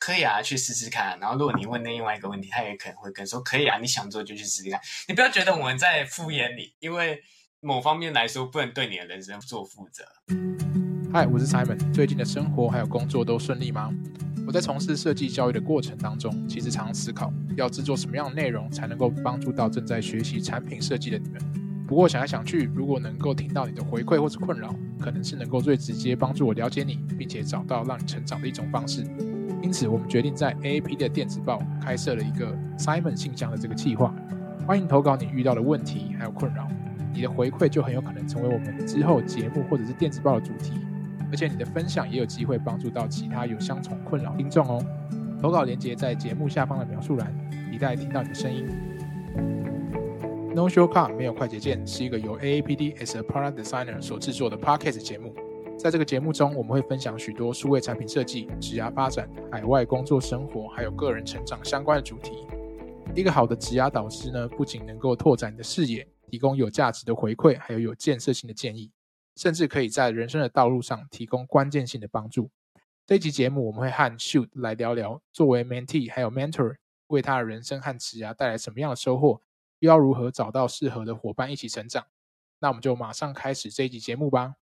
可以啊，去試試看啊。然後，如果你問另外一個問題，他也可能會跟說：“可以啊，你想做就去試試看。”你不要覺得我們在敷衍你，因為某方面來說，不能對你的人生做負責。嗨，我是 Simon，最近的生活還有工作都順利嗎？我在從事設計教育的過程當中，其實常常思考要製作什麼樣的內容才能夠幫助到正在學習產品設計的你們。不過想來想去，如果能夠聽到你的回饋或是困擾，可能是能夠最直接幫助我了解你，並且找到讓你成長的一種方式。因此，我們決定在 AAPD 的電子報開設了一個 Simon 信箱的這個計劃，歡迎投稿你遇到的問題還有困擾，你的回饋就很有可能成為我們之後節目或者是電子報的主題，而且你的分享也有機會幫助到其他有相同困擾聽眾哦。投稿鏈接在節目下方的描述欄，期待聽到你的聲音。No Shortcuts 沒有快捷鍵是一個由 AAPD as a product designer 所制作的 Podcast 節目。在這個節目中，我們會分享許多數位產品設計、職涯發展、海外工作生活，還有個人成長相關的主題。一個好的職涯導師呢，不僅能夠拓展你的視野，提供有價值的回饋，還有有建設性的建議，甚至可以在人生的道路上提供關鍵性的幫助。這一集節目，我們會和 Shu 來聊聊，作為 Mentee 還有 Mentor，為他的人生和職涯帶來什麼樣的收穫，又要如何找到適合的夥伴一起成長。那我們就馬上開始這一集節目吧。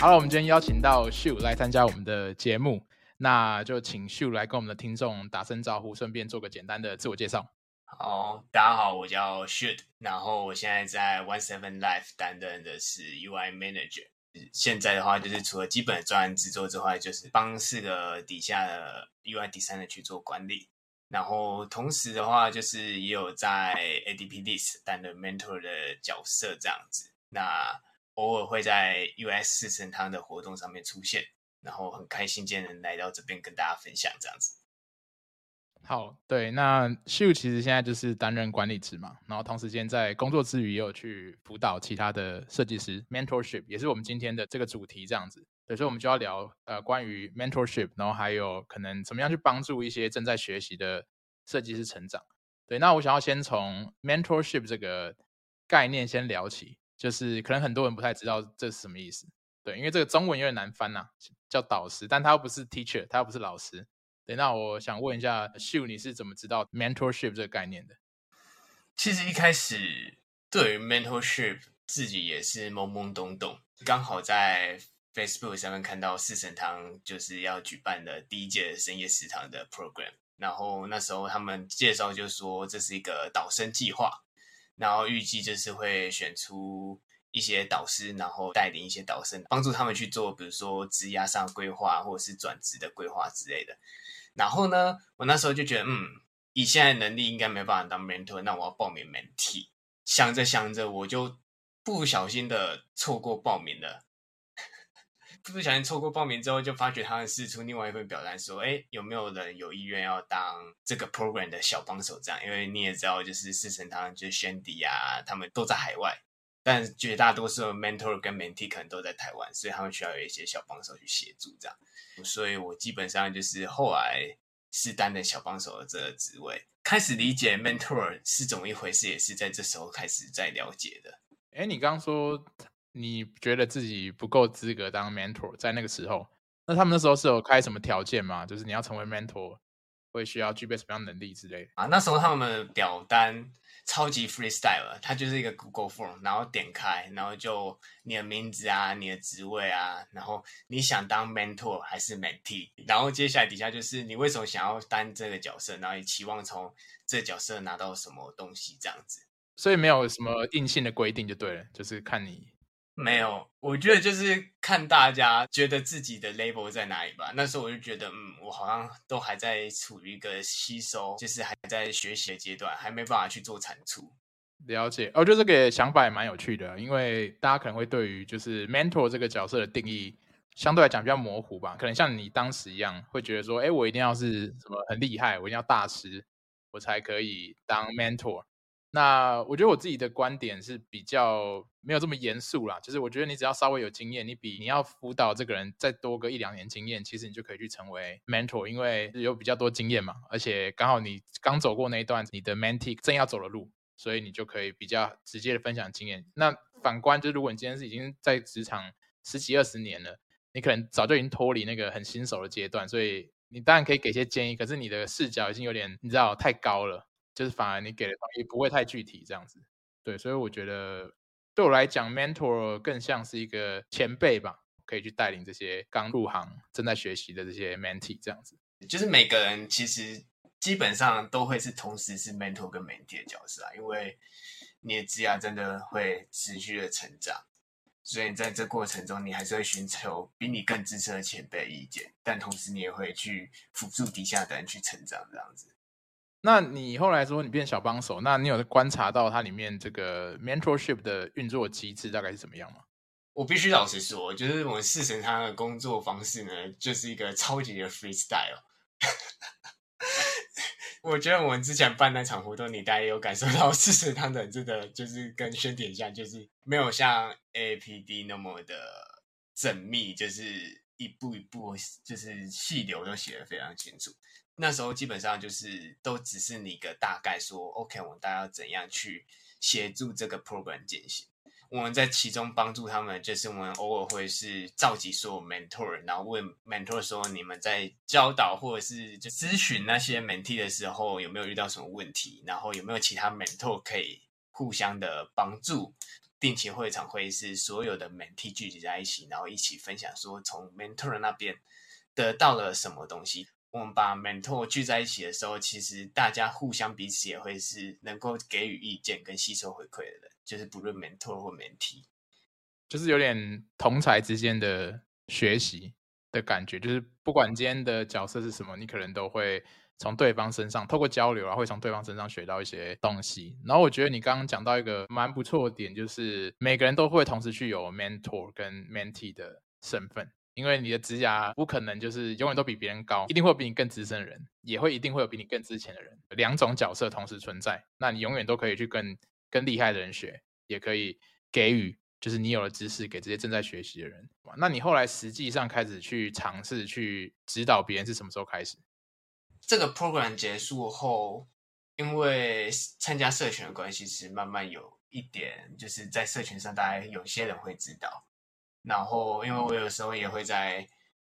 好了，我們今天邀請到 Shu 來參加我們的節目， 那就請 Shu 來跟我們的聽眾打聲招呼，順便做個簡單的自我介紹。好，大家好，我叫 Shu，然後我現在在17 Live 擔任的是 UI Manager。現在的話，就是除了基本的專案製作之外，就是幫四個底下的 UI Designer 去做管理，然後同時的話，就是也有在 ADPList 擔任 mentor 的角色這樣子。那偶爾會在 US 四神湯的活動上面出現，然後很開心，今天能來到這邊跟大家分享這樣子。好，對，那秀其實現在就是擔任管理職嘛，然後同時間在工作之餘也有去輔導其他的設計師，mentorship 也是我們今天的這個主題這樣子。對，所以我們就要聊呃關於 mentorship，然後還有可能怎麼樣去幫助一些正在學習的設計師成長。對，那我想要先從 mentorship 這個概念先聊起。就是可能很多人不太知道這是什麼意思，對，因為這個中文有點難翻吶、啊，叫導師，但他又不是 teacher，他又不是老師，對，那我想問一下，秀，你是怎麼知道 mentorship 這個概念的？其實一開始對於 mentorship 自己也是懵懵懂懂，剛好在 Facebook 上面看到四神湯就是要舉辦的第一屆深夜食堂的 program，然後那時候他們介紹就說這是一個導生計劃。然後預計就是會選出一些導師，然後帶領一些導生，幫助他們去做，比如說職涯上規劃，或者是轉職的規劃之類的。然後呢，我那時候就覺得，嗯，以現在能力應該沒辦法當 mentor，那我要報名 mentee。想着想着，我就不小心的錯過報名了。 是不小心錯過報名之後，就發覺他們釋出另外一份表單，說：“哎、欸，有沒有人有意願要當這個 program 的小幫手這樣？因為你也知道就神，就是世成他們就是宣迪啊，他們都在海外，但絕大多數 mentor 跟 mentee 可能都在台灣，所以他們需要有一些小幫手去協助這樣。所以我基本上就是後來是當的小幫手的這個職位，開始理解 mentor 是怎麼一回事，也是在這時候開始在了解的。哎、欸，你剛說。你覺得自己不夠資格當 mentor，在那個時候，那他們那時候是有開什麼條件嗎？就是你要成為 mentor，會需要具備什麼樣能力之類的。啊，那時候他們的表單超級 freestyle 了，它就是一個 Google Form，然後點開，然後就你的名字啊，你的職位啊，然後你想當 mentor 還是 mentee，然後接下來底下就是你為什麼想要當這個角色，然後你期望從這個角色拿到什麼東西這樣子。所以沒有什麼硬性的規定就對了，就是看你。沒有，我覺得就是看大家覺得自己的 label 在哪裡吧。那時候我就覺得，嗯，我好像都還在處於一個吸收，就是還在學習的階段，還沒辦法去做產出。了解，哦，就是這個想法也蠻有趣的，因為大家可能會對於就是 mentor 這個角色的定義，相對來講比較模糊吧。可能像你當時一樣，會覺得說，哎，我一定要是什麼很厲害，我一定要大師，我才可以當 mentor。那我覺得我自己的觀點是比較沒有這麼嚴肅啦，就是我覺得你只要稍微有經驗，你比你要輔導這個人再多個一兩年經驗，其實你就可以去成為 mentor，因為有比較多經驗嘛，而且剛好你剛走過那一段，你的 mentee 正要走的路，所以你就可以比較直接的分享經驗。那反觀，就是如果你今天是已經在職場十幾二十年了，你可能早就已經脫離那個很新手的階段，所以你當然可以給些建議，可是你的視角已經有點，你知道，太高了。就是反而你給的東西不會太具體這樣子，對，所以我覺得對我來講，mentor 更像是一個前輩吧，可以去帶領這些剛入行、正在學習的這些 mentee 這樣子。就是每個人其實基本上都會是同時是 mentor 跟 mentee 的角色啊，因為你的職業真的會持續的成長，所以在這過程中，你還是會尋求比你更資深的前輩的意見，但同時你也會去輔助底下的人去成長這樣子。那你後來說你變小幫手，那你有觀察到它裡面這個 mentorship 的運作機制大概是怎麼樣嗎？我必須老實說，就是我我四神湯的工作方式呢，就是一個超級的 freestyle。 我覺得我們之前辦那場活動，你大概有感受到四神湯的，這個就是跟宣典一樣，就是沒有像 AAPD 那麼的縝密，就是一步一步，就是細流都寫得非常清楚。那時候基本上就是都只是你一個大概說，OK，我們大家要怎樣去協助這個 program 進行？我們在其中幫助他們，就是我們偶爾會是召集所有 mentor，然後問 mentor 說：你們在教導或者是就諮詢那些 mentee 的時候，有沒有遇到什麼問題？然後有沒有其他 mentor 可以互相的幫助？定期會常會是所有的 mentee 聚集在一起，然後一起分享說從 mentor 那邊得到了什麼東西。我們把 mentor 聚在一起的時候，其實大家互相彼此也會是能夠給予意見跟吸收回饋的人，就是不論 mentor 或 mentee，就是有點同儕之間的學習的感覺。就是不管今天的角色是什麼，你可能都會從對方身上透過交流，然後會從對方身上學到一些東西。然後我覺得你剛剛講到一個蠻不錯的點，就是每個人都會同時具有 mentor 跟 mentee 的身份。因為你的指甲不可能就是永遠都比別人高，一定會比你更資深的人，也會一定會有比你更資淺的人，兩種角色同時存在，那你永遠都可以去跟更厲害的人學，也可以給予，就是你有了知識給這些正在學習的人。那你後來實際上開始去嘗試去指導別人是什麼時候開始？這個 program 結束後，因為參加社群的關係，其實慢慢有一點，就是在社群上，大概有些人會知道。然後，因為我有時候也會在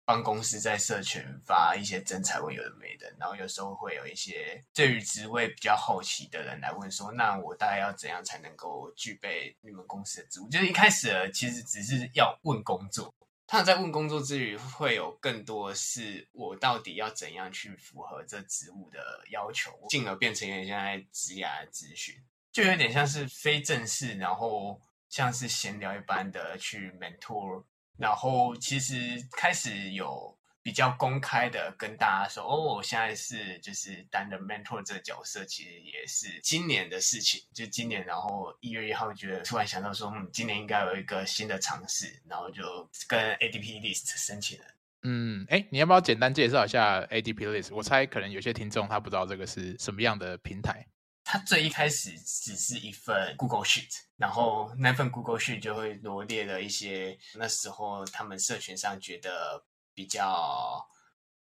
幫公司在社群發一些徵才文，有的沒的。然後有時候會有一些對於職位比較好奇的人來問說：“那我大概要怎樣才能夠具備你們公司的職務？”就是一開始其實只是要問工作，他在問工作之餘，會有更多是我到底要怎樣去符合這職務的要求，進而變成現在職業的諮詢，就有點像是非正式，然後。像是閒聊一般的去 mentor，然後其實開始有比較公開的跟大家說，哦，我現在是就是擔任 mentor 這個角色，其實也是今年的事情，就今年，然後一月一號覺得突然想到說，嗯，今年應該有一個新的嘗試，然後就跟 ADPList 申請了。嗯，哎，你要不要簡單介紹一下 ADPList？我猜可能有些聽眾他不知道這個是什麼樣的平台。他最一開始只是一份 Google Sheet，然後那份 Google Sheet 就會羅列了一些那時候他們社群上覺得比較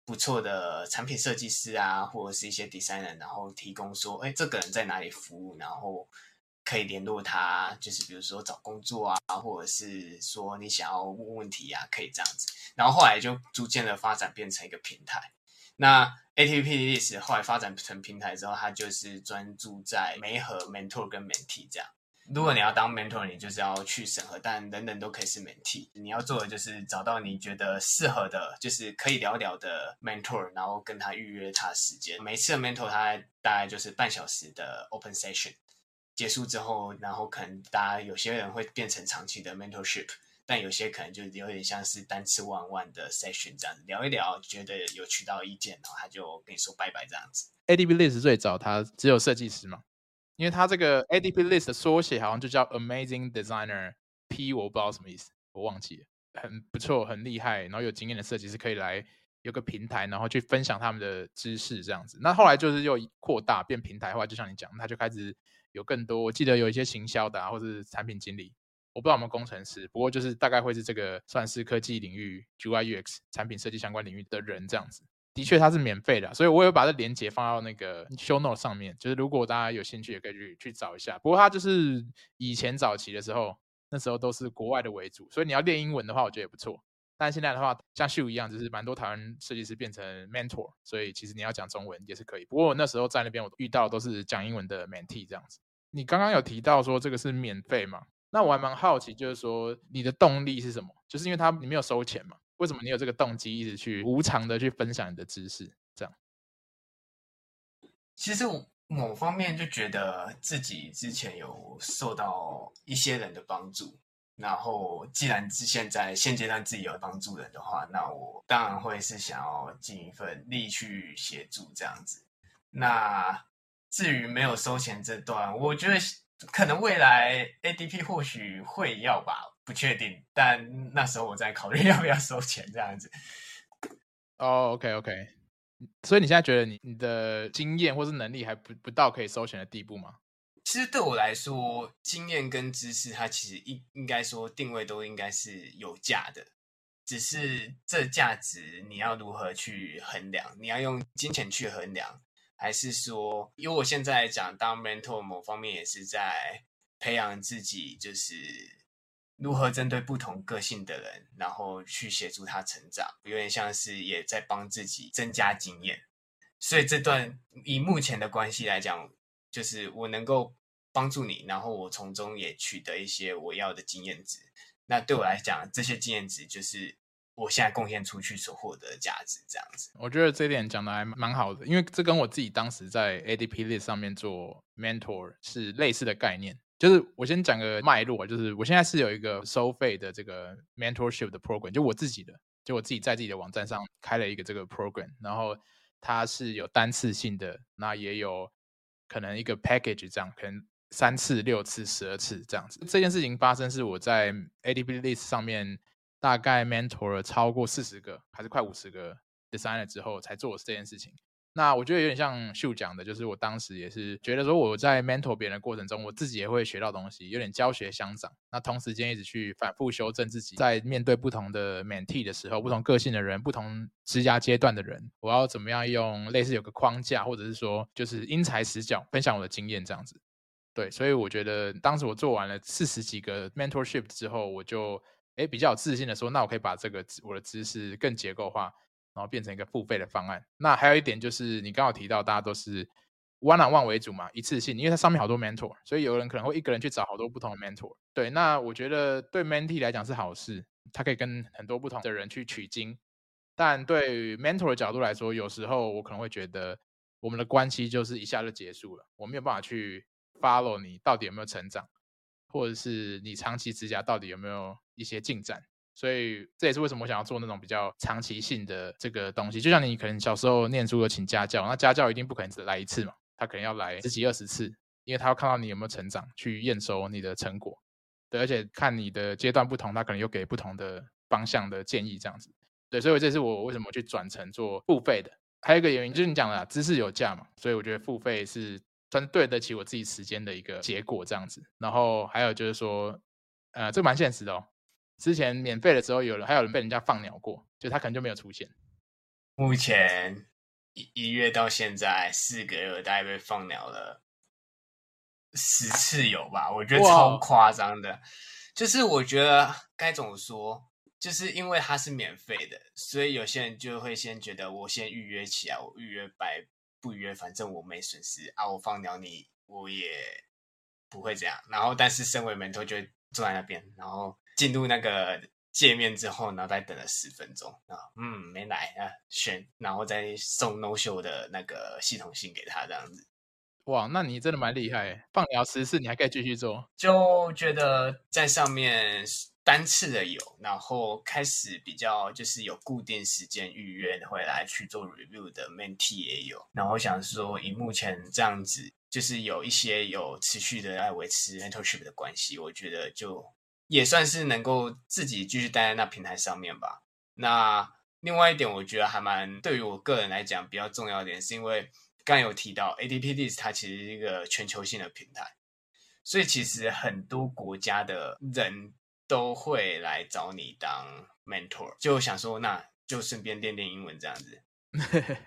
不錯的產品設計師啊，或者是一些 designer，然後提供說，哎，這個人在哪裡服務，然後可以聯絡他，就是比如說找工作啊，或者是說你想要問問題啊，可以這樣子。然後後來就逐漸的發展變成一個平台。那 ADPList 後來發展成平台之後，它就是專注在媒合 mentor 跟 mentee 這樣。如果你要當 mentor，你就是要去審核，但人人都可以是 mentee。你要做的就是找到你覺得適合的，就是可以聊一聊的 mentor，然後跟他預約他的時間。每一次的 mentor 他大概就是半小時的 open session，結束之後，然後可能大家有些人會變成長期的 mentorship。但有些可能就有點像是單次 one on one 的 session 這樣子，聊一聊覺得有渠道意見，然後他就跟你說拜拜這樣子。ADP List 最早它只有設計師嘛，因為它這個 ADP List 的縮寫好像就叫 Amazing Designer P，我不知道什麼意思，我忘記了。很不錯，很厲害，然後有經驗的設計師可以來有個平台，然後去分享他們的知識這樣子。那後來就是又擴大變平台化，就像你講，他就開始有更多，我記得有一些行銷的啊，或是產品經理。我不知道有沒有工程師，不過就是大概會是這個算是科技領域 UI UX 產品設計相關領域的人這樣子。的確，它是免費的，所以我有把這鏈接放到那個 show note 上面，就是如果大家有興趣也可以去去找一下。不過它就是以前早期的時候，那時候都是國外的為主，所以你要練英文的話，我覺得也不錯。但現在的話，像秀一樣，就是蠻多台灣設計師變成 mentor，所以其實你要講中文也是可以。不過我那時候在那邊我遇到都是講英文的 mentee 這樣子。你剛剛有提到說這個是免費嗎？那我還蠻好奇，就是說你的動力是什麼？就是因為他你沒有收錢嘛，為什麼你有這個動機一直去無償的去分享你的知識？這樣，其實我某方面就覺得自己之前有受到一些人的幫助，然後既然現在現階段自己有幫助人的話，那我當然會是想要盡一份力去協助這樣子。那至於沒有收錢這段，我覺得。可能未來 ADP 或許會要吧，不確定。但那時候我在考慮要不要收錢這樣子。哦，OK OK。所以你現在覺得你你的經驗或是能力還不不到可以收錢的地步嗎？其實對我來說，經驗跟知識它其實應應該說定位都應該是有價的，只是這價值你要如何去衡量？你要用金錢去衡量。還是說，以我現在來講，當 mentor 某方面也是在培養自己，就是如何針對不同個性的人，然後去協助他成長，有點像是也在幫自己增加經驗。所以這段以目前的關係來講，就是我能夠幫助你，然後我從中也取得一些我要的經驗值。那對我來講，這些經驗值就是。我現在貢獻出去所獲得的價值，這樣子，我覺得這點講得還蠻好的，因為這跟我自己當時在 ADPList 上面做 mentor 是類似的概念。就是我先講個脈絡啊，就是我現在是有一個收費的這個 mentorship 的 program，就我自己的，就我自己在自己的網站上開了一個這個 program，然後它是有單次性的，那也有可能一個 package 這樣，可能三次、六次、十二次這樣子。這件事情發生是我在 ADPList 上面，大概 mentor 了超過四十個，還是快五十個 designer 之後才做這件事情。那我覺得有點像秀講的，就是我當時也是覺得說我在 mentor 別人的過程中，我自己也會學到東西，有點教學相長。那同時間一直去反覆修正自己，在面對不同的 mentee 的時候，不同個性的人，不同職涯階段的人，我要怎麼樣用類似有個框架，或者是說就是因材施教，分享我的經驗這樣子。對，所以我覺得當時我做完了四十幾個 mentorship 之後，我就。哎，比較有自信的說，那我可以把這個我的知識更結構化，然後變成一個付費的方案。那還有一點就是，你剛好提到大家都是 one-on-one 為主嘛，一次性，因為它上面好多 mentor，所以有人可能會一個人去找好多不同的 mentor。對，那我覺得對 mentee 來講是好事，他可以跟很多不同的人去取經。但對於 mentor 的角度來說，有時候我可能會覺得我們的關係就是一下就結束了，我沒有辦法去 follow 你到底有沒有成長，或者是你長期之下到底有沒有。一些進展，所以這也是為什麼我想要做那種比較長期性的這個東西。就像你可能小時候念書請家教，那家教一定不可能只來一次嘛，他可能要來十幾二十次，因為他要看到你有沒有成長，去驗收你的成果，對，而且看你的階段不同，他可能又給不同的方向的建議這樣子。對，所以這也是我為什麼去轉成做付費的。還有一個原因就是你講了知識有價嘛，所以我覺得付費是算對得起我自己時間的一個結果這樣子。然後還有就是說，呃，這蠻現實的哦。之前免費的時候有，有人，還有人被人家放鳥過，就他可能就沒有出現。目前一一月到現在四個月，大概被放鳥了十次有吧？我覺得超誇張的。Wow. 就是我覺得該怎麼說，就是因為它是免費的，所以有些人就會先覺得我先預約起來，啊，我預約白不預約，反正我沒損失啊，我放鳥你我也不會這樣。然後，但是身為 mentor 就坐在那邊，然後。進入那個界面之後，然後再等了十分鐘啊，嗯，沒來啊，選，然後再送 no show 的那個系統信給他，這樣子。哇，那你真的蠻厲害，放療十四你還可以繼續做，就覺得在上面單次的有，然後開始比較就是有固定時間預約回來去做 review 的 mentee 也有，然後想說以目前這樣子，嗯、就是有一些有持續的來維持 mentorship 的關係，我覺得就。也算是能夠自己繼續待在那平台上面吧。那另外一點，我覺得還蠻對於我個人來講比較重要一點，是因為剛有提到 ADPList，它其實是一個全球性的平台，所以其實很多國家的人都會來找你當 mentor，就想說那就順便練練英文這樣子。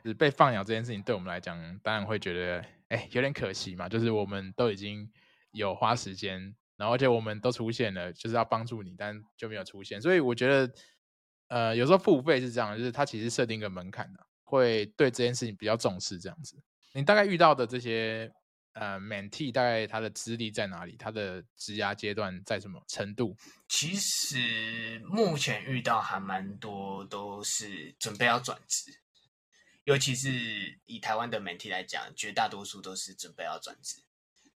被放養這件事情，對我們來講當然會覺得哎，欸、有點可惜嘛，就是我們都已經有花時間。然後，而且我們都出現了，就是要幫助你，但就沒有出現。所以我覺得，呃，有時候付費是這樣的，就是他其實設定一個門檻的、啊，會對這件事情比較重視這樣子。你大概遇到的這些呃 Mentee，大概他的資歷在哪裡？他的職涯階段在什麼程度？其實目前遇到還蠻多，都是準備要轉職，尤其是以台灣的 Mentee 來講，絕大多數都是準備要轉職。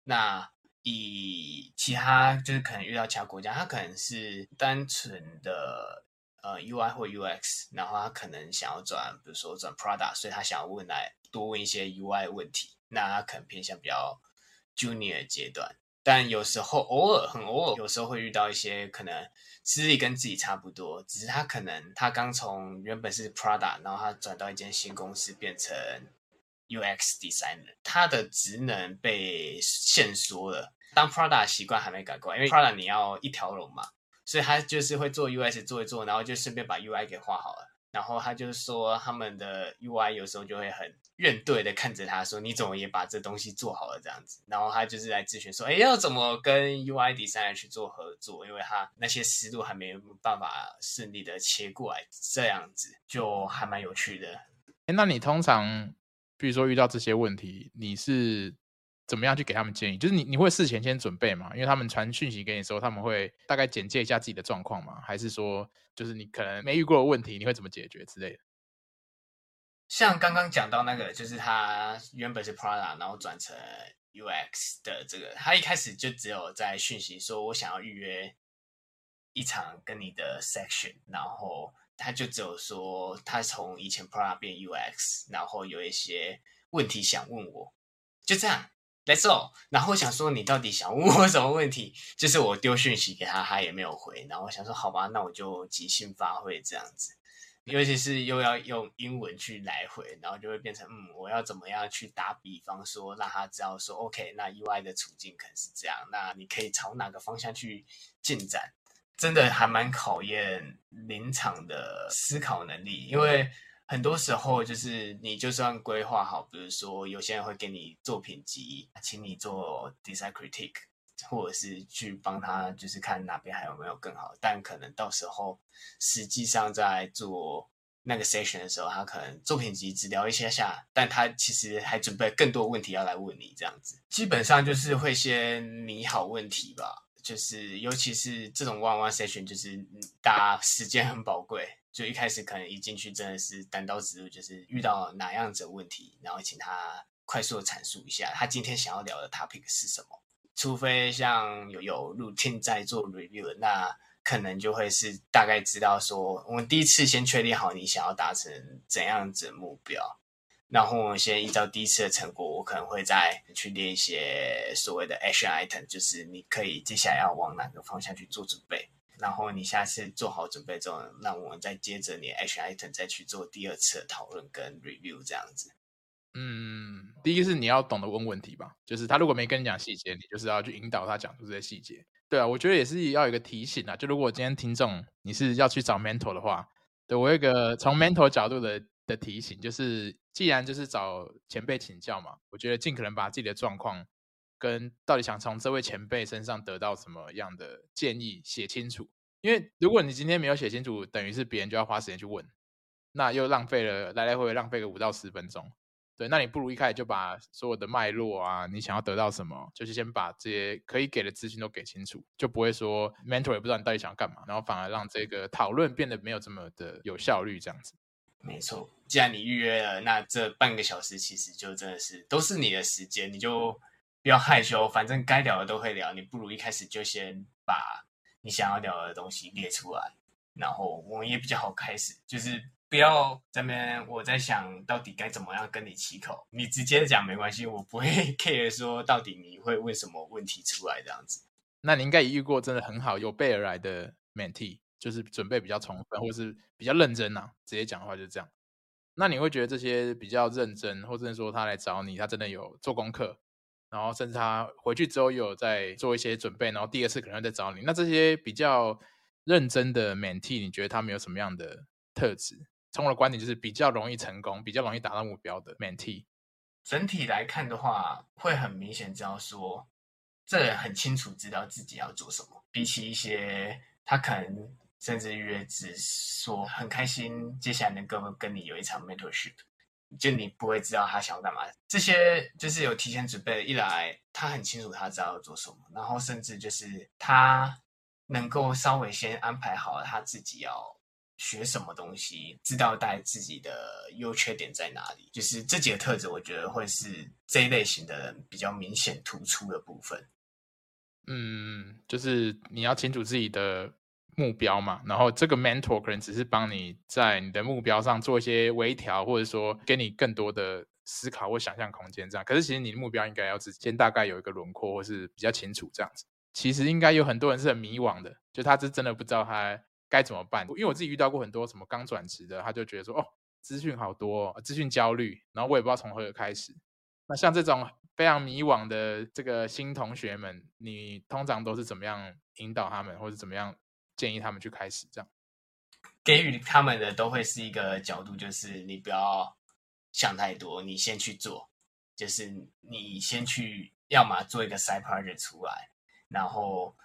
那以其他就是可能遇到其他國家，他可能是單純的呃 UI 或 UX，然後他可能想要轉，比如說轉 Product，所以他想要問來多問一些 UI 問題，那他可能偏向比較 junior 階段。但有時候偶爾很偶爾，有時候會遇到一些可能資歷跟自己差不多，只是他可能他剛從原本是 Product，然後他轉到一間新公司變成 UX Designer，他的職能被限縮了。當 Prada 習慣還沒改過來，因為 Prada 你要一條龍嘛，所以他就是會做 US 做一做，然後就順便把 UI 給畫好了。然後他就是說他們的 UI 有時候就會很怨懟的看着他說：“你怎麼也把這東西做好了？”這樣子。然後他就是來諮詢說：“哎，要怎麼跟 UI d 三人去做合作？因為他那些思路還沒辦法順利的切過來。”這樣子就還蠻有趣的。哎，那你通常比如說遇到這些問題，你是？怎麼樣去給他們建議？就是你你會事前先準備嘛，因為他們傳訊息給你的時候，他們會大概簡介一下自己的狀況嘛，還是說，就是你可能沒遇過的問題，你會怎麼解決之類的？像剛剛講到那個，就是他原本是 PRADA，然後轉成 UX 的這個，他一開始就只有在訊息說我想要預約一場跟你的 section，然後他就只有說他從以前 PRADA 變 UX，然後有一些問題想問我，就這樣。沒錯，然後想說你到底想問我什麼問題？就是我丟訊息給他，他也沒有回。然後我想說好吧，那我就即興發揮這樣子，尤其是又要用英文去來回，然後就會變成嗯，我要怎麼樣去打比方說，讓他知道說，OK，那意外的處境可能是這樣，那你可以朝哪個方向去進展？真的還蠻考驗臨場的思考能力，因為。很多時候就是你就算規劃好，比如說有些人會給你作品集，請你做 design critique，或者是去幫他就是看哪邊還有沒有更好。但可能到時候實際上在做那個 session 的時候，他可能作品集只聊一下下，但他其實還準備更多問題要來問你這樣子。基本上就是會先擬好問題吧，就是尤其是這種 one-on-one session，就是大家時間很寶貴。就一開始可能一進去真的是單刀直入，就是遇到哪樣子的問題，然後請他快速的闡述一下他今天想要聊的 topic 是什麼。除非像有有 routine 在做 review，那可能就會是大概知道說我們第一次先確定好你想要達成怎樣子的目標，然後我們先依照第一次的成果，我可能會再去列一些所謂的 action item，就是你可以接下來要往哪個方向去做準備。然後你下次做好準備之後，那我們再接着你的 action item 再去做第二次討論跟 review 這樣子。嗯，第一個是你要懂得問問題吧，就是他如果沒跟你講細節，你就是要去引導他講出這些細節。對啊，我覺得也是要有一個提醒啊，就如果我今天聽眾你是要去找 mentor 的話，對，我有一個從 mentor 角度的的提醒，就是既然就是找前輩請教嘛，我覺得盡可能把自己的狀況，跟到底想從這位前輩身上得到什麼樣的建議寫清楚，因為如果你今天沒有寫清楚，等於是別人就要花時間去問，那又浪費了來來回回浪費個五到十分鐘。對，那你不如一開始就把所有的脈絡啊，你想要得到什麼，就是先把這些可以給的資訊都給清楚，就不會說 mentor 也不知道你到底想要幹嘛，然後反而讓這個討論變得沒有這麼的有效率這樣子。沒錯，既然你預約了，那這半個小時其實就真的是都是你的時間，你就。不要害羞，反正該聊的都會聊。你不如一開始就先把你想要聊的東西列出來，然後我們也比較好開始。就是不要這邊我在想到底該怎麼樣跟你起口，你直接講沒關係，我不會 care 說到底你會問什麼問題出來這樣子。那你應該也遇過真的很好有備而來的 Mentee，就是準備比較充分，嗯、或是比較認真啊，直接講的話就是這樣。那你會覺得這些比較認真，或者說他來找你，他真的有做功課，然後甚至他回去之後有在做一些準備，然後第二次可能再找你。那這些比較認真的 mentee，你覺得他們有什麼樣的特質？從我的觀點就是比較容易成功，比較容易達到目標的 mentee。整體來看的話，會很明顯知道說，這人很清楚知道自己要做什麼。比起一些他可能甚至於只說很開心，接下來能夠跟你有一場 mentorship 就你不會知道他想要幹嘛，這些就是有提前準備。一來他很清楚他知道要做什麼，然後甚至就是他能夠稍微先安排好他自己要學什麼東西，知道帶自己的優缺點在哪裡。就是這幾個特質，我覺得會是這一類型的人比較明顯突出的部分。嗯，就是你要清楚自己的。目標嘛，然後這個 Mentor 可能只是幫你在你的目標上做一些微調，或者說給你更多的思考或想象空間這樣。可是其實你的目標應該要先大概有一個輪廓，或是比較清楚這樣子。其實應該有很多人是很迷惘的，就他是真的不知道他該怎麼辦。因為我自己遇到過很多什麼剛轉職的，他就覺得說哦，資訊好多、哦，資訊焦慮，然後我也不知道從何開始。那像這種非常迷惘的這個新同學們，你通常都是怎麼樣引導他們，或者怎麼樣？建議他們去開始這樣，給予他們的都會是一個角度，就是你不要想太多，你先去做，就是你先去，要麼做一個 side project 出來，然後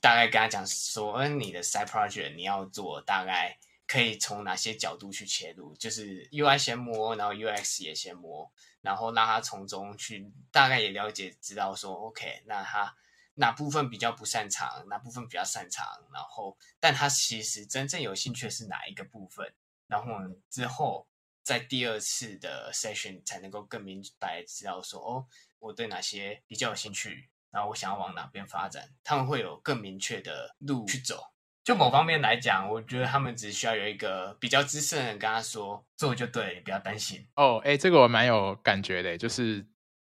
大概跟他講說，嗯、呃，你的 side project 你要做，大概可以從哪些角度去切入，就是 UI 先摸，然後 UX 也先摸，然後讓他從中去大概也了解知道說，OK，那他。哪部分比較不擅長，哪部分比較擅長，然後，但他其實真正有興趣的是哪一個部分，然後我們之後在第二次的 session 才能夠更明白知道說，哦，我對哪些比較有興趣，然後我想要往哪邊發展，他們會有更明確的路去走。就某方面來講，我覺得他們只需要有一個比較資深的人跟他說，做就對，你不要擔心。哦，哎、欸，這個我蠻有感覺的，就是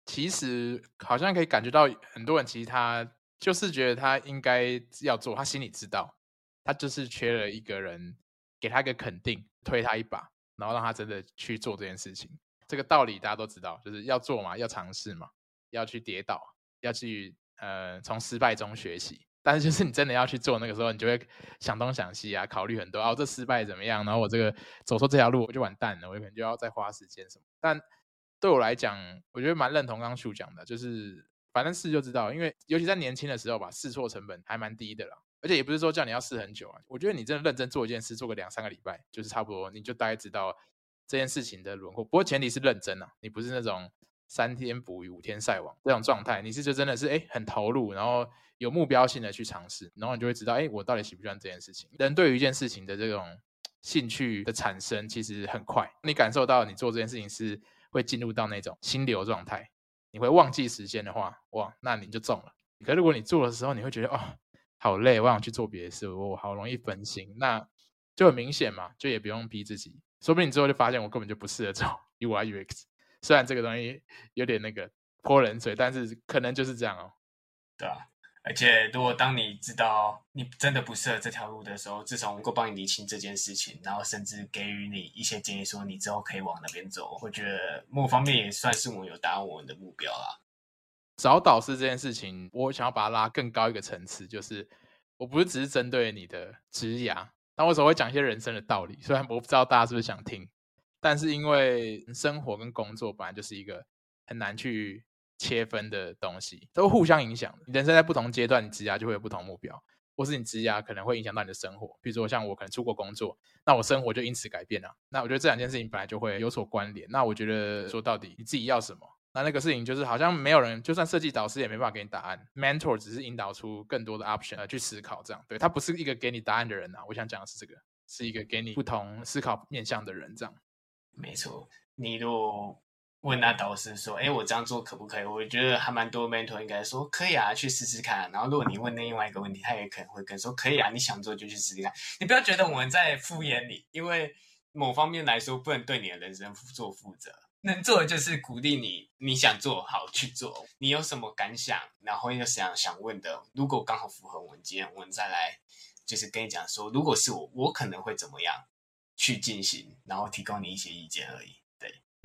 其實好像可以感覺到很多人其實他。就是覺得他應該要做，他心裡知道，他就是缺了一個人，給他一個肯定，推他一把，然後讓他真的去做這件事情。這個道理大家都知道，就是要做嘛，要嘗試嘛，要去跌倒，要去呃從失敗中學習。但是就是你真的要去做那個時候，你就會想東想西啊，考慮很多啊，這失敗怎麼樣？然後我這個走錯這條路我就完蛋了，我可能就要再花時間什麼。但對我來講，我覺得蠻認同剛剛樹講的，就是。反正試就知道，因為尤其在年輕的時候吧，試錯成本還蠻低的啦。而且也不是說叫你要試很久啊，我覺得你真的認真做一件事，做個兩三個禮拜，就是差不多，你就大概知道這件事情的輪廓。不過前提是認真啊，你不是那種三天捕魚五天曬網這種狀態，你是就真的是哎，很投入，然後有目標性的去嘗試，然後你就會知道哎，我到底喜不喜歡這件事情。人對於一件事情的這種興趣的產生，其實很快，你感受到你做這件事情是會進入到那種心流狀態。你會忘記時間的話，哇，那你就中了。可如果你做的時候，你會覺得哦，好累，我想去做別的事，我、哦、好容易分心，那就很明顯嘛，就也不用逼自己。說不定你之後就發現，我根本就不適合做 UI UX。雖然這個東西有點那個潑冷水，但是可能就是這樣哦，對啊。而且，如果當你知道你真的不適合這條路的時候，至少我能夠幫你理清這件事情，然後甚至給予你一些建議，說你之後可以往哪邊走，我會覺得某方面也算是我有達到我們的目標啦。找導師這件事情，我想要把它拉更高一個層次，就是我不是只是針對你的職涯，但我總會講一些人生的道理。雖然我不知道大家是不是想聽，但是因為生活跟工作本來就是一個很難去。切分的東西都互相影響。人生在不同階段，你職涯就會有不同目標，或是你職涯可能會影響到你的生活。比如說，像我可能出國工作，那我生活就因此改變了，啊。那我覺得這兩件事情本來就會有所關聯。那我覺得說到底，你自己要什麼？那那個事情就是好像沒有人，就算設計導師也沒辦法給你答案。Mentor 只是引導出更多的 option 而、呃、去思考，這樣對他不是一個給你答案的人啊。我想講的是這個，是一個給你不同思考面向的人，這樣。沒錯，你若。問那導師說：“哎，我這樣做可不可以？”我覺得還蠻多 mentor 應該說可以啊，去試試看啊。然後如果你問那另外一個問題，他也可能會跟說：“可以啊，你想做就去試試看。”你不要覺得我們在敷衍你，因為某方面來說不能對你的人生負做負責，能做的就是鼓勵你，你想做好去做。你有什麼感想？然後又想想問的，如果剛好符合我們今天，我們再來就是跟你講說，如果是我，我可能會怎麼樣去進行，然後提供你一些意見而已。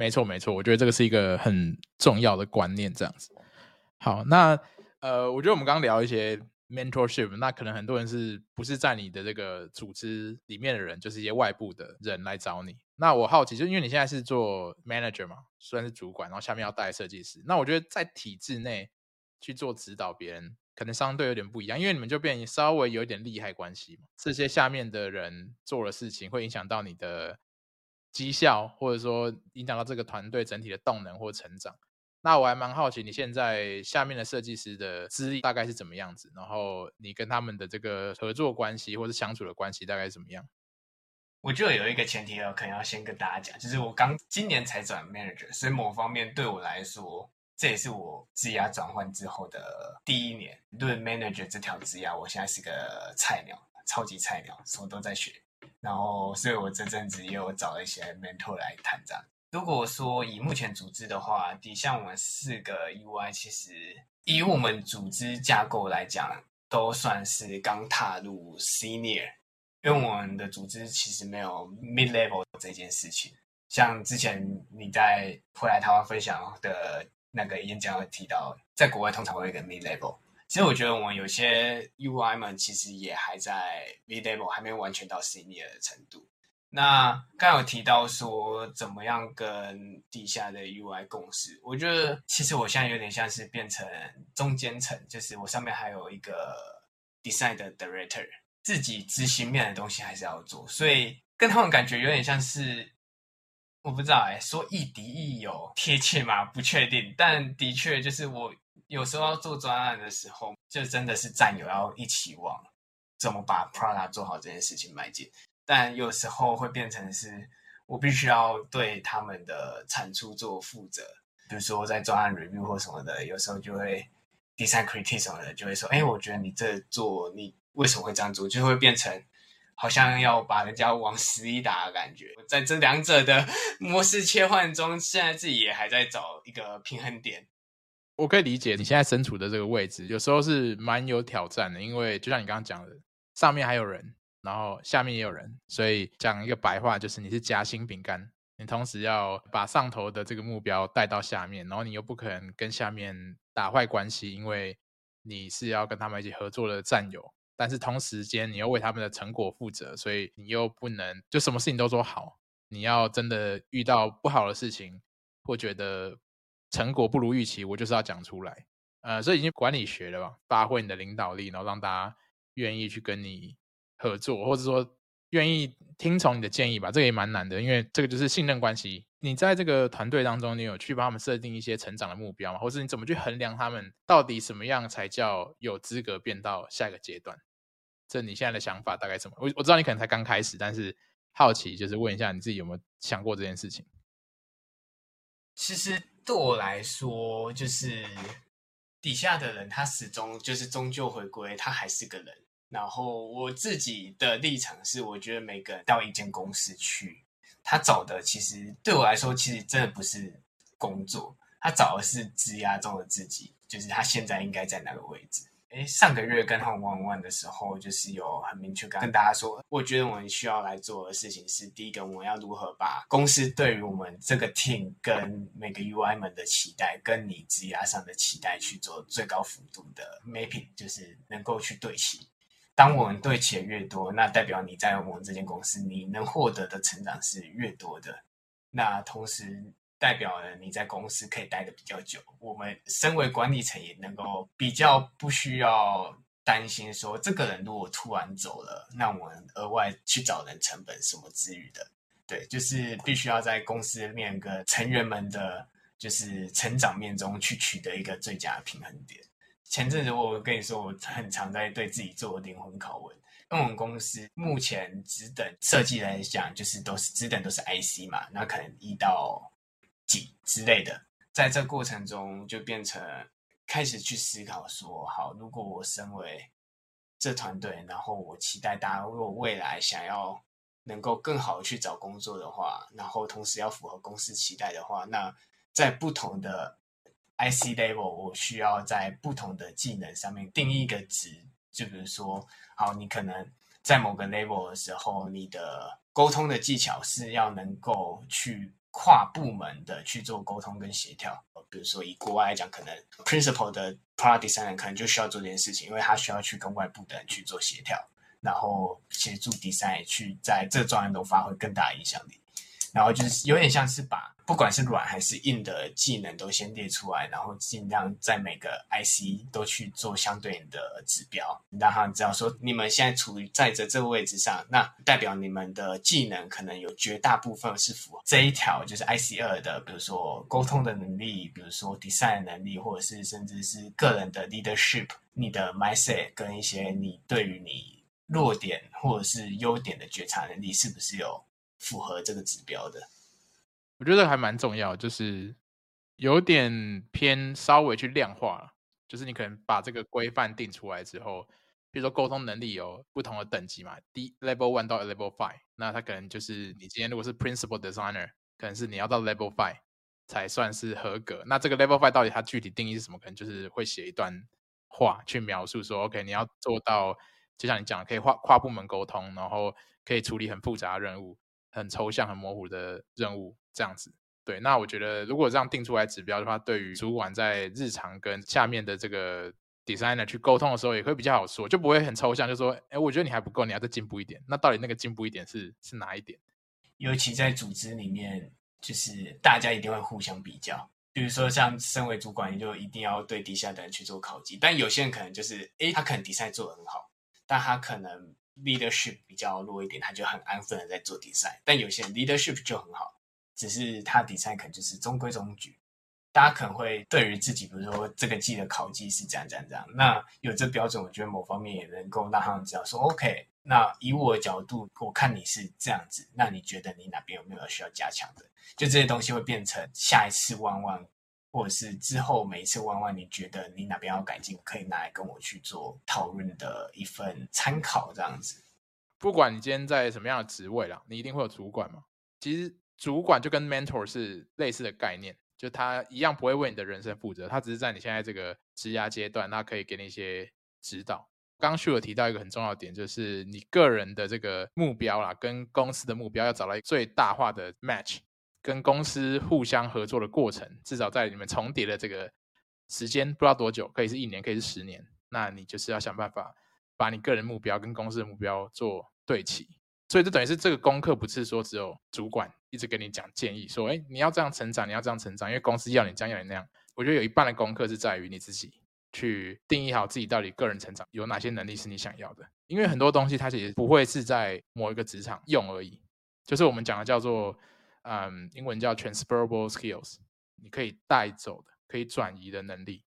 沒錯，沒錯，我覺得這個是一個很重要的觀念，這樣子。好，那呃，我覺得我們剛聊一些 mentorship，那可能很多人是不是在你的這個組織裡面的人，就是一些外部的人來找你。那我好奇，就因為你現在是做 manager 嘛，雖然是主管，然後下面要帶設計師。那我覺得在體制內去做指導別人，可能相對有點不一樣，因為你們就變成稍微有一點利害關係嘛。這些下面的人做的事情，會影響到你的績效，或者說影響到這個團隊整體的動能或成長，那我還蠻好奇你現在下面的設計師的資歷大概是怎麼樣子，然後你跟他們的這個合作關係或者相處的關係大概是怎麼樣？我就有一個前提，我可能要先跟大家講，就是我剛今年才轉 manager，所以某方面對我來說，這也是我職涯轉換之後的第一年，對 manager 這條職涯，我現在是個菜鳥，超級菜鳥，什麼都在學。然後，所以我這陣子又找了一些 mentor 來談這樣。如果說以目前組織的話，底下我們四個 UI，其實以我們組織架構來講，都算是剛踏入 senior，因為我們的組織其實沒有 mid level 這件事情。像之前你在回來台灣分享的那個演講，有提到，在國外通常會有一個 mid level。其實我覺得我們有些 UI 們其實也還在 V-level 還沒有完全到 Senior 的程度。那剛剛有提到說怎麼樣跟底下的 UI 共事，我覺得其實我現在有點像是變成中間層，就是我上面還有一個 Design Director，自己執行面的東西還是要做，所以跟他們感覺有點像是，我不知道、欸、說亦敵亦友貼切嗎？不確定，但的確就是我。有時候要做專案的時候，就真的是戰友要一起往怎麼把 product 做好這件事情邁進。但有時候會變成是我必須要對他們的產出做負責，比如說在專案 review 或什麼的，有時候就會 design critique 什麼的就會說：“哎、欸，我覺得你這做你為什麼會這樣做？”就會變成好像要把人家往死裡打的感覺。在這兩者的模式切換中，現在自己也還在找一個平衡點。我可以理解你現在身處的這個位置，有時候是蠻有挑戰的。因為就像你剛剛講的，上面還有人，然後下面也有人，所以講一個白話就是，你是夾心餅乾，你同時要把上頭的這個目標帶到下面，然後你又不可能跟下面打壞關係，因為你是要跟他們一起合作的戰友。但是同時間，你又為他們的成果負責，所以你又不能就什麼事情都說好。你要真的遇到不好的事情，會覺得。成果不如預期，我就是要講出來。呃，所以已經管理學了吧，發揮你的領導力，然後讓大家願意去跟你合作，或者說願意聽從你的建議吧。這個也蠻難的，因為這個就是信任關係。你在這個團隊當中，你有去幫他們設定一些成長的目標嗎？或者你怎麼去衡量他們到底什麼樣才叫有資格變到下一個階段？這你現在的想法大概是什麼？我我知道你可能才剛開始，但是好奇就是問一下，你自己有沒有想過這件事情？其實對我來說，就是底下的人，他始終就是終究回歸，他還是個人。然後我自己的立場是，我覺得每個到一間公司去，他找的其實對我來說，其實真的不是工作，他找的是職涯中的自己，就是他現在應該在哪個位置。哎，上個月跟他們玩玩的時候，就是有很明確跟大家說，我覺得我們需要來做的事情是，第一個，我們要如何把公司對於我們這個 team 跟每個 UI 們的期待，跟你職涯上的期待去做最高幅度的 mapping，就是能夠去對齊。當我們對齊越多，那代表你在我們這間公司，你能獲得的成長是越多的。那同時，代表了你在公司可以待得比較久。我們身為管理層也能夠比較不需要擔心說，這個人如果突然走了，那我們額外去找人成本什麼之類的。對，就是必須要在公司面跟成員們的就是成長面中去取得一個最佳的平衡點。前陣子我跟你說，我很常在對自己做靈魂拷問。因為我們公司目前職等設計來講，就是都是職等都是 IC 嘛，那可能一到。之類的，在這過程中就變成開始去思考說：好，如果我身為這團隊，然後我期待大家，如果未來想要能夠更好去找工作的話，然後同時要符合公司期待的話，那在不同的 IC level，我需要在不同的技能上面定義一個值。就比如說，好，你可能在某個 level 的時候，你的溝通的技巧是要能夠去跨部門的去做溝通跟協調，比如說以國外來講，可能 principal 的 product designer 可能就需要做這件事情，因為他需要去跟外部的人去做協調，然後協助 design 去在這個狀態中發揮更大的影響力。然後就是有點像是把不管是軟還是硬的技能都先列出來，然後盡量在每個 IC 都去做相對應的指標。然後你只要說你們現在處於在這這個位置上，那代表你們的技能可能有絕大部分是符合這一條，就是 IC 2的，比如說溝通的能力，比如說 design 的能力，或者是甚至是個人的 leadership，你的 mindset 跟一些你對於你弱點或者是優點的覺察能力是不是有？符合這個指標的，我覺得還蠻重要，就是有點偏稍微去量化了。就是你可能把這個規範定出來之後，比如說溝通能力有不同的等級嘛，第 level one 到 level five，那他可能就是你今天如果是 principal designer，可能是你要到 level five 才算是合格。那這個 level five 到底它具體定義是什麼？可能就是會寫一段話去描述說，OK，你要做到就像你講的，可以跨跨部門溝通，然後可以處理很複雜的任務。很抽象，很模糊的任務這樣子，對。那我覺得，如果這樣定出來指標的話，對於主管在日常跟下面的這個 designer 去溝通的時候，也會比較好說，就不會很抽象，就說，哎、欸，我覺得你還不夠，你要再進步一點。那到底那個進步一點是是哪一點？尤其在組織裡面，就是大家一定會互相比較。比如說，像身為主管，你就一定要對底下的人去做考績。但有些人可能就是，A、欸，他可能 design 做得很好，但他可能。Leadership 比較弱一點，他就很安分的在做 Design，但有些人 leadership 就很好，只是他 Design 可能就是中規中矩。大家可能會對於自己，比如說這個季的考績是這樣、這樣、這樣。那有這標準，我覺得某方面也能夠讓他們知道說，OK。那以我的角度，我看你是這樣子，那你覺得你哪邊有沒有需要加強的？就這些東西會變成下一次 one on one，或者是之後每一次彎彎，你覺得你哪邊要改進，可以拿來跟我去做討論的一份參考，這樣子。不管你今天在什麼樣的職位啦，你一定會有主管嘛。其實主管就跟 mentor 是類似的概念，就他一樣不會為你的人生負責，他只是在你現在這個職涯階段，他可以給你一些指導。剛需我提到一個很重要的點，就是你個人的這個目標啦，跟公司的目標要找到最大化的 match。跟公司互相合作的過程，至少在你們重疊的這個時間，不知道多久，可以是一年，可以是十年。那你就是要想辦法把你個人目標跟公司的目標做對齊。所以，就等於是這個功課，不是說只有主管一直給你講建議，說：“欸，你要這樣成長，你要這樣成長。”因為公司要你這樣，要你那樣。我覺得有一半的功課是在於你自己去定義好自己到底個人成長有哪些能力是你想要的。因為很多東西它其實不會是在某一個職場用而已，就是我們講的叫做。嗯、um，英文叫 transferable skills，你可以帶走的，可以轉移的能力。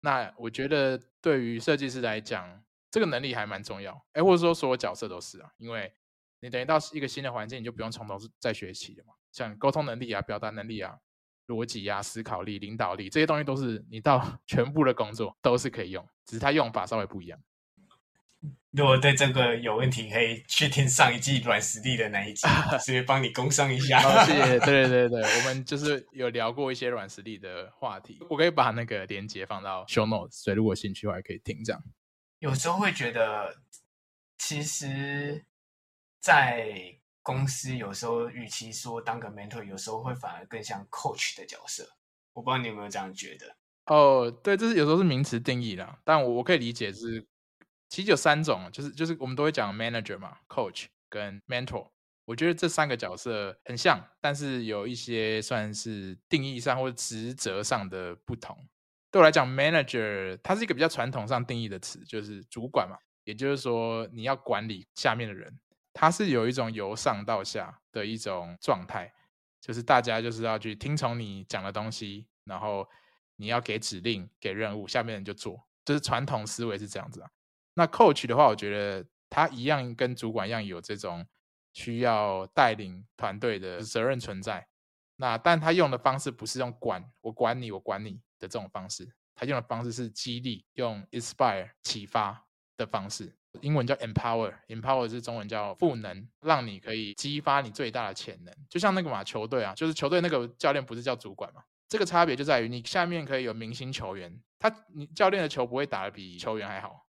那我覺得對於設計師來講，這個能力還蠻重要。誒，或者說所有角色都是啊，因為你等於到一個新的環境，你就不用從頭再學習了嘛。像溝通能力啊、表達能力啊、邏輯啊、思考力、領導力這些東西，都是你到全部的工作都是可以用，只是它用法稍微不一樣。如果對這個有問題，可以去聽上一季軟實力的那一集，啊、所以幫你工商一下、啊。 謝謝。對對對，我們就是有聊過一些軟實力的話題，我可以把那個連結放到 show notes，所以如果興趣的話可以聽這樣。有時候會覺得，其實，在公司有時候與其說當個 mentor，有時候會反而更像 coach 的角色。我不知道你有沒有這樣覺得？哦、oh，對，這是有時候是名詞定義啦，但我我可以理解是。其實有三種，就是就是我們都會講 manager 嘛，coach 跟 mentor。我覺得這三個角色很像，但是有一些算是定義上或職責上的不同。對我來講，manager 它是一個比較傳統上定義的詞，就是主管嘛，也就是說你要管理下面的人，它是有一種由上到下的一種狀態，就是大家就是要去聽從你講的東西，然後你要給指令、給任務，下面人就做，就是傳統思維是這樣子啊。那 coach 的話，我覺得他一樣跟主管一樣有這種需要帶領團隊的責任存在。那但他用的方式不是用管我管你我管你的這種方式，他用的方式是激勵，用 inspire 啟發的方式，英文叫 empower，empower 是中文叫賦能，讓你可以激發你最大的潛能。就像那個嘛球隊啊，就是球隊那個教練不是叫主管嘛？這個差別就在於你下面可以有明星球員，他你教練的球不會打得比球員還好。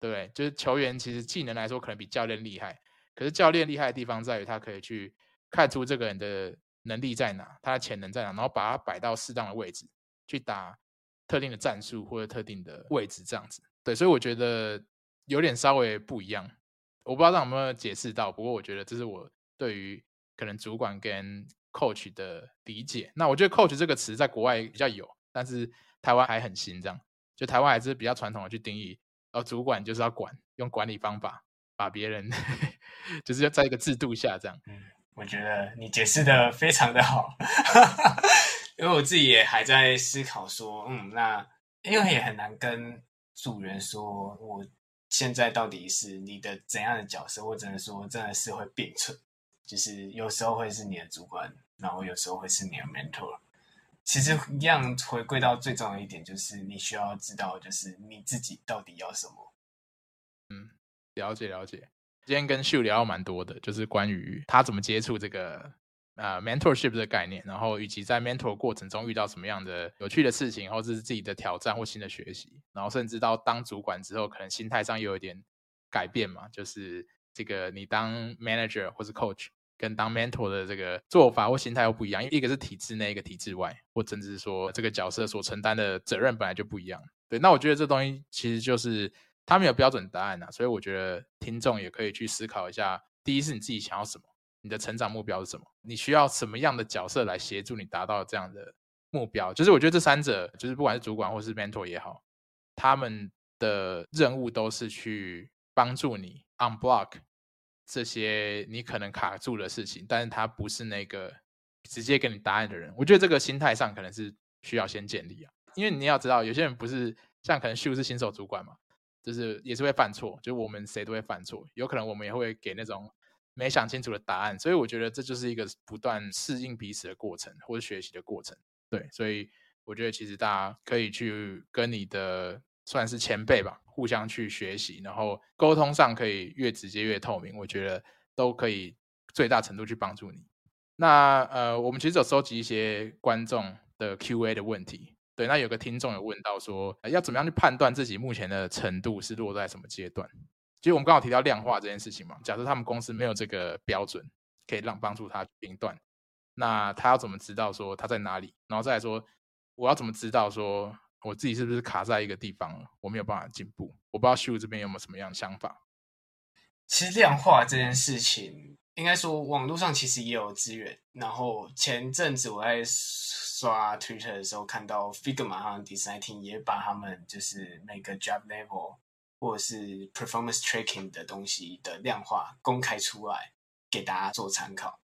對，就是球員其實技能來說可能比教練厲害，可是教練厲害的地方在於他可以去看出這個人的能力在哪，他的潛能在哪，然後把他擺到適當的位置去打特定的戰術或者特定的位置這樣子。對，所以我覺得有點稍微不一樣，我不知道這樣有沒有解釋到。不過我覺得這是我對於可能主管跟 coach 的理解。那我覺得 coach 這個詞在國外比較有，但是台灣還很新，這樣就台灣還是比較傳統的去定義。哦，主管就是要管，用管理方法把別人呵呵，就是要在一個制度下這樣。嗯，我覺得你解釋的非常的好， 因為我自己也還在思考說，嗯，那因為也很難跟主人，說組員我現在到底是你的怎樣的角色，或者是說真的是會變成，就是有時候會是你的主管，然後有時候會是你的 mentor。其實一樣，回歸到最重要的一點，就是你需要知道，就是你自己到底要什麼。嗯，了解了解。今天跟秀聊蠻多的，就是關於他怎麼接觸這個啊、呃、mentorship 這個概念，然後以及在 mentor 過程中遇到什麼樣的有趣的事情，或者是自己的挑戰或新的學習，然後甚至到當主管之後，可能心態上又有一點改變嘛，就是這個你當 manager 或是 coach。跟當 mentor 的這個做法或心態又不一樣，因為一個是體制內，一個體制外，或甚至說這個角色所承擔的責任本來就不一樣。對，那我覺得這東西其實就是它沒有標準答案吶、啊，所以我覺得聽眾也可以去思考一下：第一，是你自己想要什麼？你的成長目標是什麼？你需要什麼樣的角色來協助你達到這樣的目標？就是我覺得這三者，就是不管是主管或是 mentor 也好，他們的任務都是去幫助你 unblock。這些你可能卡住的事情，但是他不是那個直接給你答案的人。我覺得這個心態上可能是需要先建立啊，因為你要知道，有些人不是像可能是不是新手主管嘛，就是也是會犯錯，就是我們誰都會犯錯，有可能我們也會給那種沒想清楚的答案。所以我覺得這就是一個不斷適應彼此的過程，或者學習的過程。對，所以我覺得其實大家可以去跟你的，算是前輩吧，互相去學習，然後溝通上可以越直接越透明，我覺得都可以最大程度去幫助你。那呃，我們其實有收集一些觀眾的 Q&A 的問題，對，那有個聽眾有問到說，呃，要怎麼樣去判斷自己目前的程度是落在什麼階段？其實我們剛好提到量化這件事情嘛，假設他們公司沒有這個標準可以讓幫助他評斷，那他要怎麼知道說他在哪裡？然後再來說，我要怎麼知道說？我自己是不是卡在一個地方了？我沒有辦法進步，我不知道秀這邊有沒有什麼樣的想法。其實量化這件事情，應該說網絡上其實也有資源。然後前陣子我在刷 Twitter 的時候，看到 Figma 和 Design Team 也把他們就是每個 Job Level 或者是 Performance Tracking 的東西的量化公開出來，給大家做參考。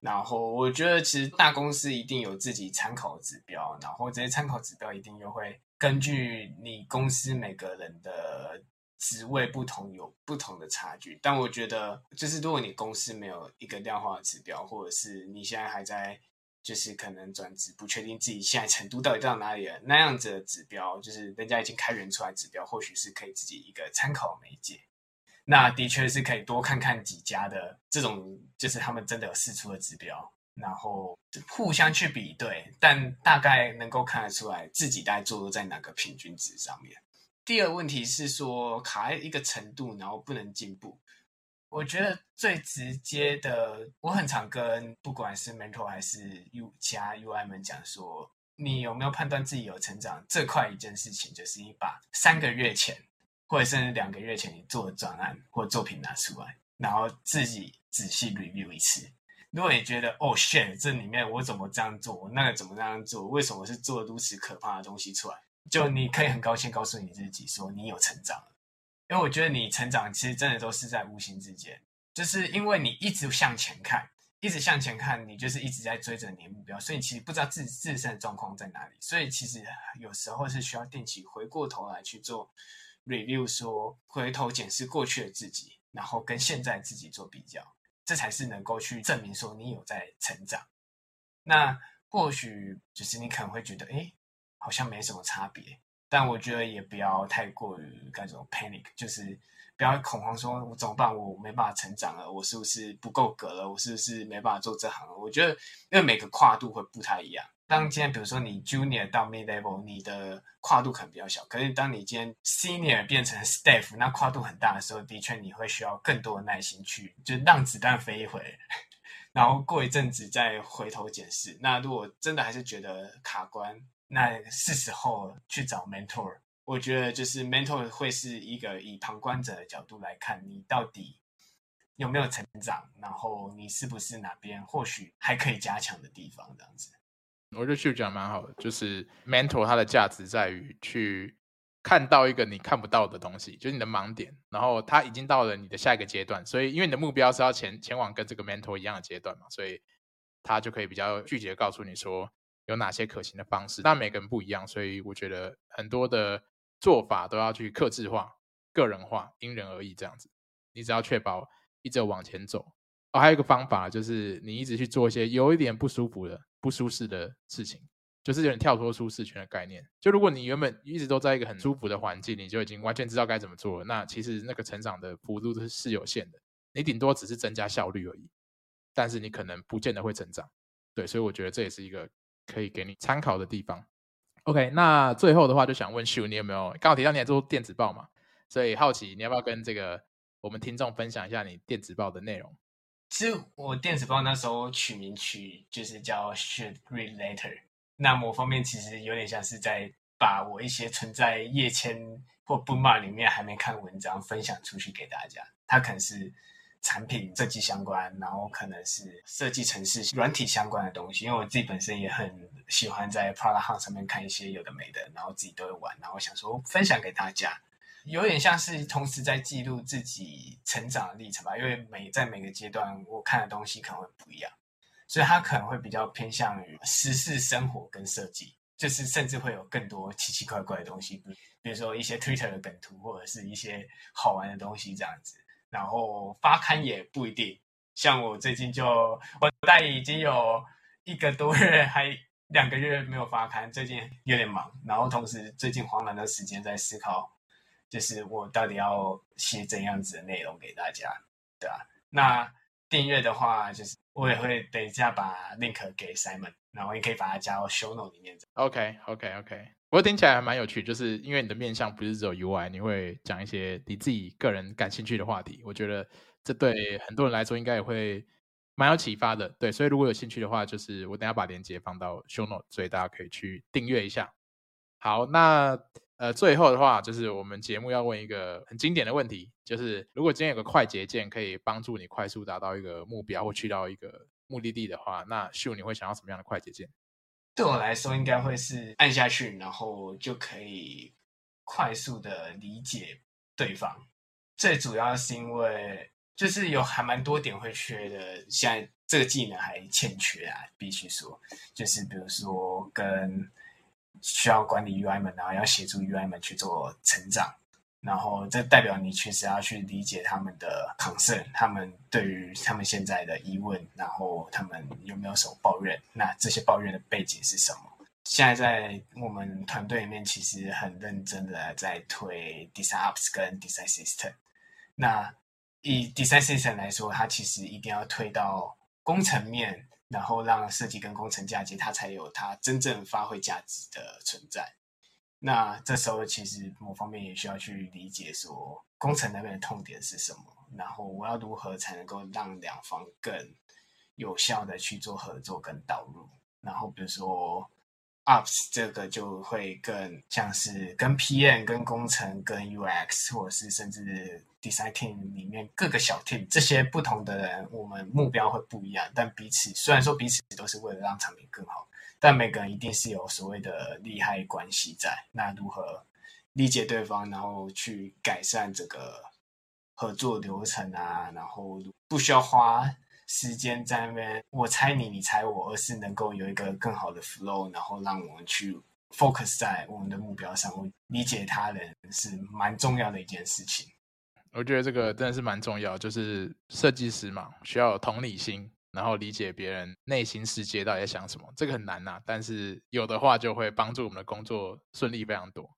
然後我覺得，其實大公司一定有自己參考的指標，然後這些參考指標一定又會根據你公司每個人的職位不同有不同的差距。但我覺得，就是如果你公司沒有一個量化的指標，或者是你現在還在就是可能轉職，不確定自己現在程度到底到哪裡了，那樣子的指標，就是人家已經開源出來的指標，或許是可以自己一個參考媒介。那的確是可以多看看幾家的這種，就是他們真的有釋出的指標，然後互相去比對，但大概能夠看得出來自己大概坐在哪個平均值上面。第二問題是說卡一個程度，然後不能進步。我覺得最直接的，我很常跟不管是 mentor 還是 U 其他 UI 們講說，你有沒有判斷自己有成長這塊一件事情，就是你把三個月前，或者甚至兩個月前你做的專案或作品拿出來，然後自己仔細 review 一次。如果你覺得哦、oh, shit，這裡面我怎麼這樣做，我那個怎麼這樣做，為什麼是做如此可怕的東西出來？就你可以很高興告訴你自己說你有成長。因為我覺得你成長其實真的都是在無形之間，就是因為你一直向前看，一直向前看，你就是一直在追着你的目標，所以你其實不知道自己自身的狀況在哪裡。所以其實有時候是需要定期回過頭來去做 review 說，回頭檢視過去的自己，然後跟現在自己做比較，這才是能夠去證明說你有在成長。那或許就是你可能會覺得，誒、欸，好像沒什麼差別。但我覺得也不要太過於那種 panic，就是不要恐慌，說我怎麼辦？我沒辦法成長了？我是不是不夠格了？我是不是沒辦法做這行了？我覺得因為每個跨度會不太一樣。當今天，比如說你 junior 到 mid level，你的跨度可能比較小。可是當你今天 senior 變成 staff，那跨度很大的時候，的確你會需要更多的耐心去，就讓子彈飛一回，然後過一陣子再回頭檢視。那如果真的還是覺得卡關，那是時候去找 mentor。我覺得就是 mentor 會是一個以旁觀者的角度來看你到底有沒有成長，然後你是不是哪邊或許還可以加強的地方，這樣子。我覺得講蠻好的，就是 mentor 它的價值在於去看到一個你看不到的東西，就是你的盲點。然後它已經到了你的下一個階段，所以因為你的目標是要前前往跟這個 mentor 一樣的階段嘛，所以它就可以比較具體的告訴你說有哪些可行的方式。但每個人不一樣，所以我覺得很多的做法都要去客製化、個人化、因人而異這樣子。你只要確保一直往前走。哦，還有一個方法就是你一直去做一些有一點不舒服的。不舒適的事情，就是有點跳脫舒適圈的概念。就如果你原本一直都在一個很舒服的環境，你就已經完全知道該怎麼做了，那其實那個成長的幅度是有限的，你頂多只是增加效率而已，但是你可能不見得會成長。對，所以我覺得這也是一個可以給你參考的地方。OK，那最後的話就想問秀，你有沒有剛好提到你在做電子報嘛？所以好奇你要不要跟這個我們聽眾分享一下你電子報的內容？其實我電子報那時候取名取就是叫 Should Read Later，那某方面其實有點像是在把我一些存在頁籤或 bookmark 裡面還沒看的文章分享出去給大家。它可能是產品設計相關，然後可能是設計程式、軟體相關的東西。因為我自己本身也很喜歡在 Product Hunt 上面看一些有的沒的，然後自己都會玩，然後想說分享給大家。有點像是同時在記錄自己成長的歷程吧，因為每在每個階段，我看的東西可能會不一樣，所以它可能會比較偏向於時事、生活跟設計，就是甚至會有更多奇奇怪怪的東西，比，比如說一些 Twitter 的梗圖，或者是一些好玩的東西這樣子。然後發刊也不一定，像我最近就我大概已經有一個多月，還兩個月沒有發刊，最近有點忙，然後同時最近花了時間在思考。就是我到底要寫怎樣子的內容給大家，對吧、啊？那訂閱的話，就是我也會等一下把 link 給 Simon，然後也可以把它加到 show note 裡面。OK，OK，OK，、okay, okay, okay. 我聽起來還蠻有趣，就是因為你的面向不是只有 UI，你會講一些你自己個人感興趣的話題，我覺得這對很多人來說應該也會蠻有啟發的。對，所以如果有興趣的話，就是我等一下把鏈接放到 show note，所以大家可以去訂閱一下。好，那。呃，最後的話就是我們節目要問一個很經典的問題，就是如果今天有個快捷鍵可以幫助你快速達到一個目標或去到一個目的地的話，那秀你會想要什麼樣的快捷鍵？對我來說，應該會是按下去，然後就可以快速的理解對方。最主要是因為就是有還蠻多點會缺的，現在這個技能還欠缺啊，必須說，就是比如說跟。需要管理 UI 們，然後要協助 UI 們去做成長，然後這代表你確實要去理解他們的 concern，他們對於他們現在的疑問，然後他們有沒有什麼抱怨，那這些抱怨的背景是什麼？現在在我們團隊裡面，其實很認真的在推 DesignOps 跟 design system。那以 design system 來說，它其實一定要推到工程面。然後讓設計跟工程價值，它才有它真正發揮價值的存在。那這時候其實某方面也需要去理解說，工程那邊的痛點是什麼，然後我要如何才能夠讓兩方更有效的去做合作跟導入，然後比如說。Ops 這個就會更像是跟 PM、跟工程、跟 UX，或者是甚至 design team 裡面各個小 team 這些不同的人，我們目標會不一樣。但彼此雖然說彼此都是為了讓產品更好，但每個人一定是有所謂的利害關係在。那如何理解對方，然後去改善這個合作流程啊，然後不需要花。時間在那邊，我猜你，你猜我，而是能夠有一個更好的 flow，然後讓我們去 focus 在我們的目標上。理解他人是蠻重要的一件事情。我覺得這個真的是蠻重要，就是設計師嘛，需要有同理心，然後理解別人內心世界到底在想什麼，這個很難吶。但是有的話，就會幫助我們的工作順利非常多。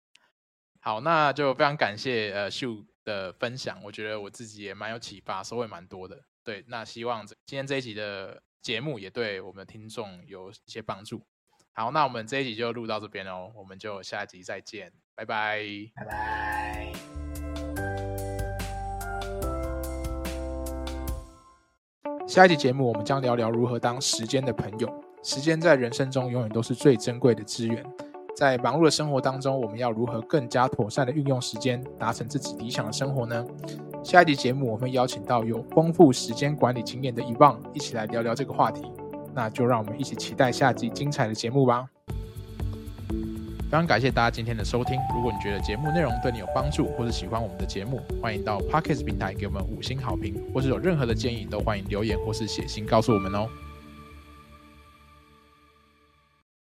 好，那就非常感謝呃秀的分享，我覺得我自己也蠻有啟發，收穫蠻多的。對，那希望今天這一集的節目也對我們的聽眾有一些幫助。好，那我們這一集就錄到這邊嘍、哦，我們就下一集再見，拜拜，拜拜。下一集節目，我們將聊聊如何當時間的朋友。時間在人生中永遠都是最珍貴的資源。在忙碌的生活當中，我們要如何更加妥善的運用時間，達成自己理想的生活呢？下一集節目，我們會邀請到有豐富時間管理經驗的伊望，一起來聊聊這個話題。那就讓我們一起期待下集精彩的節目吧。非常感謝大家今天的收聽。如果你覺得節目內容對你有幫助，或者喜歡我們的節目，歡迎到 Podcast 平台給我們五星好評，或者有任何的建議，都歡迎留言或是寫信告訴我們哦。